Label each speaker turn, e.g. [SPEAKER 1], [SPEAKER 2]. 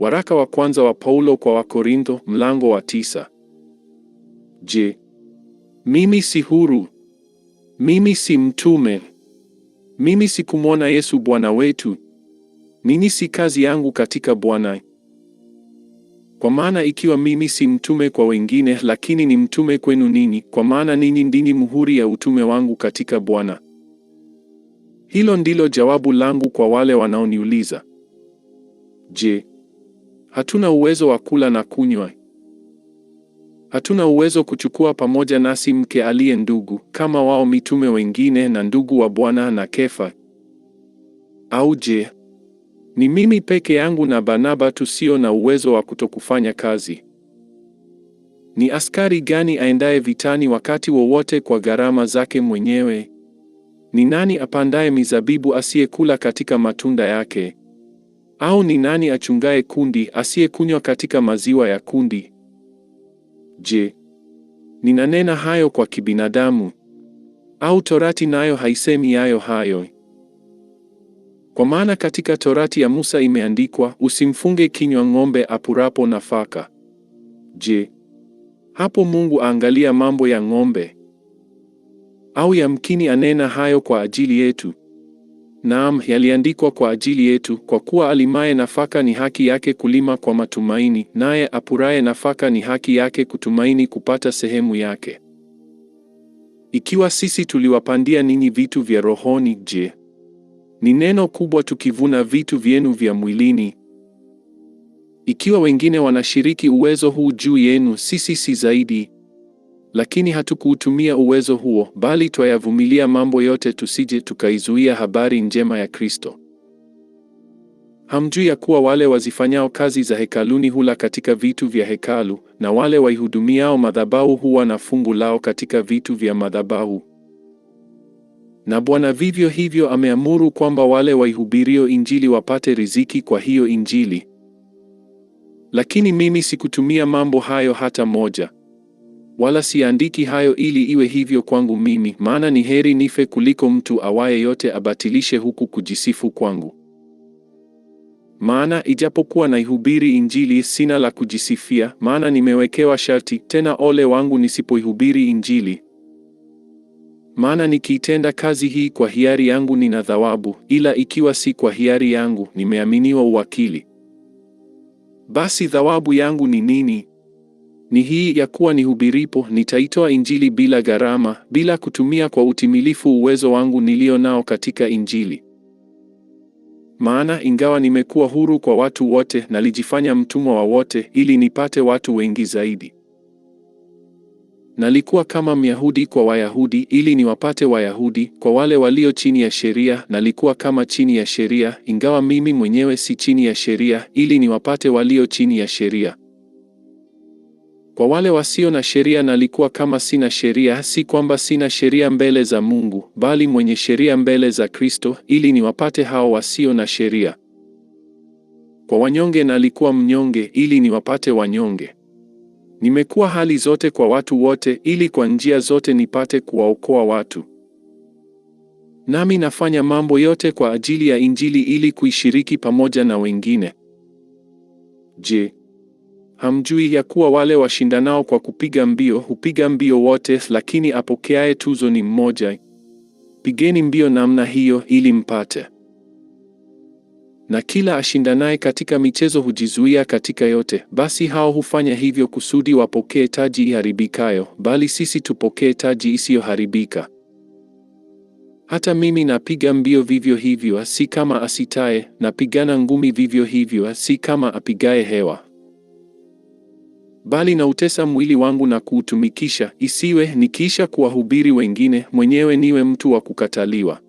[SPEAKER 1] Waraka wa kwanza wa Paulo kwa Wakorintho mlango wa tisa. Je, mimi si huru? Mimi si mtume? Mimi sikumwona Yesu Bwana wetu? Nini si kazi yangu katika Bwana? Kwa maana ikiwa mimi si mtume kwa wengine, lakini ni mtume kwenu ninyi, kwa maana ninyi ndini muhuri ya utume wangu katika Bwana. Hilo ndilo jawabu langu kwa wale wanaoniuliza. Je, Hatuna uwezo wa kula na kunywa. Hatuna uwezo kuchukua pamoja nasi mke aliye ndugu kama wao mitume wengine na ndugu wa Bwana na Kefa. Au je, ni mimi peke yangu na Barnaba tusio na uwezo wa kutokufanya kazi? Ni askari gani aendaye vitani wakati wowote kwa gharama zake mwenyewe? Ni nani apandaye mizabibu asiyekula katika matunda yake? Au ni nani achungaye kundi asiyekunywa katika maziwa ya kundi? Je, ninanena hayo kwa kibinadamu? Au torati nayo haisemi yayo hayo? Kwa maana katika torati ya Musa imeandikwa, usimfunge kinywa ng'ombe apurapo nafaka. Je, hapo Mungu aangalia mambo ya ng'ombe? Au yamkini anena hayo kwa ajili yetu? Naam, yaliandikwa kwa ajili yetu, kwa kuwa alimaye nafaka ni haki yake kulima kwa matumaini, naye apuraye nafaka ni haki yake kutumaini kupata sehemu yake. Ikiwa sisi tuliwapandia ninyi vitu vya rohoni, je, ni neno kubwa tukivuna vitu vyenu vya mwilini? Ikiwa wengine wanashiriki uwezo huu juu yenu, sisi si zaidi? lakini hatukuutumia uwezo huo, bali twayavumilia mambo yote, tusije tukaizuia habari njema ya Kristo. Hamjui ya kuwa wale wazifanyao kazi za hekaluni hula katika vitu vya hekalu, na wale waihudumiao madhabahu huwa na fungu lao katika vitu vya madhabahu? Na Bwana vivyo hivyo ameamuru kwamba wale waihubirio Injili wapate riziki kwa hiyo Injili. Lakini mimi sikutumia mambo hayo hata moja. Wala siandiki hayo ili iwe hivyo kwangu mimi, maana ni heri nife kuliko mtu awaye yote abatilishe huku kujisifu kwangu. Maana ijapokuwa naihubiri Injili, sina la kujisifia, maana nimewekewa sharti, tena ole wangu nisipoihubiri Injili. Maana nikiitenda kazi hii kwa hiari yangu nina thawabu, ila ikiwa si kwa hiari yangu, nimeaminiwa uwakili. Basi thawabu yangu ni nini? ni hii ya kuwa nihubiripo, nitaitoa Injili bila gharama, bila kutumia kwa utimilifu uwezo wangu nilio nao katika Injili. Maana ingawa nimekuwa huru kwa watu wote, nalijifanya mtumwa wa wote, ili nipate watu wengi zaidi. Nalikuwa kama Myahudi kwa Wayahudi, ili niwapate Wayahudi. Kwa wale walio chini ya sheria, nalikuwa kama chini ya sheria, ingawa mimi mwenyewe si chini ya sheria, ili niwapate walio chini ya sheria. Kwa wale wasio na sheria nalikuwa kama sina sheria, si kwamba sina sheria mbele za Mungu, bali mwenye sheria mbele za Kristo, ili niwapate hao wasio na sheria. Kwa wanyonge nalikuwa mnyonge, ili niwapate wanyonge. Nimekuwa hali zote kwa watu wote, ili kwa njia zote nipate kuwaokoa watu. Nami nafanya mambo yote kwa ajili ya Injili, ili kuishiriki pamoja na wengine. Je, Hamjui ya kuwa wale washindanao kwa kupiga mbio hupiga mbio wote, lakini apokeaye tuzo ni mmoja? Pigeni mbio namna hiyo ili mpate. Na kila ashindanaye katika michezo hujizuia katika yote. Basi hao hufanya hivyo kusudi wapokee taji iharibikayo, bali sisi tupokee taji isiyoharibika. Hata mimi napiga mbio vivyo hivyo, si kama asitaye; napigana ngumi vivyo hivyo, si kama apigaye hewa bali nautesa mwili wangu na kuutumikisha, isiwe nikiisha kuwahubiri wengine, mwenyewe niwe mtu wa kukataliwa,